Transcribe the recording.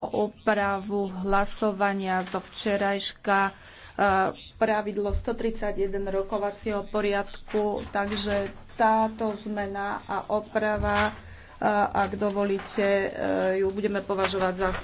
opravu hlasovania zo včerajška e, pravidlo 131 rokovacieho poriadku, takže táto zmena a oprava, e, ak dovolíte, e, ju budeme považovať za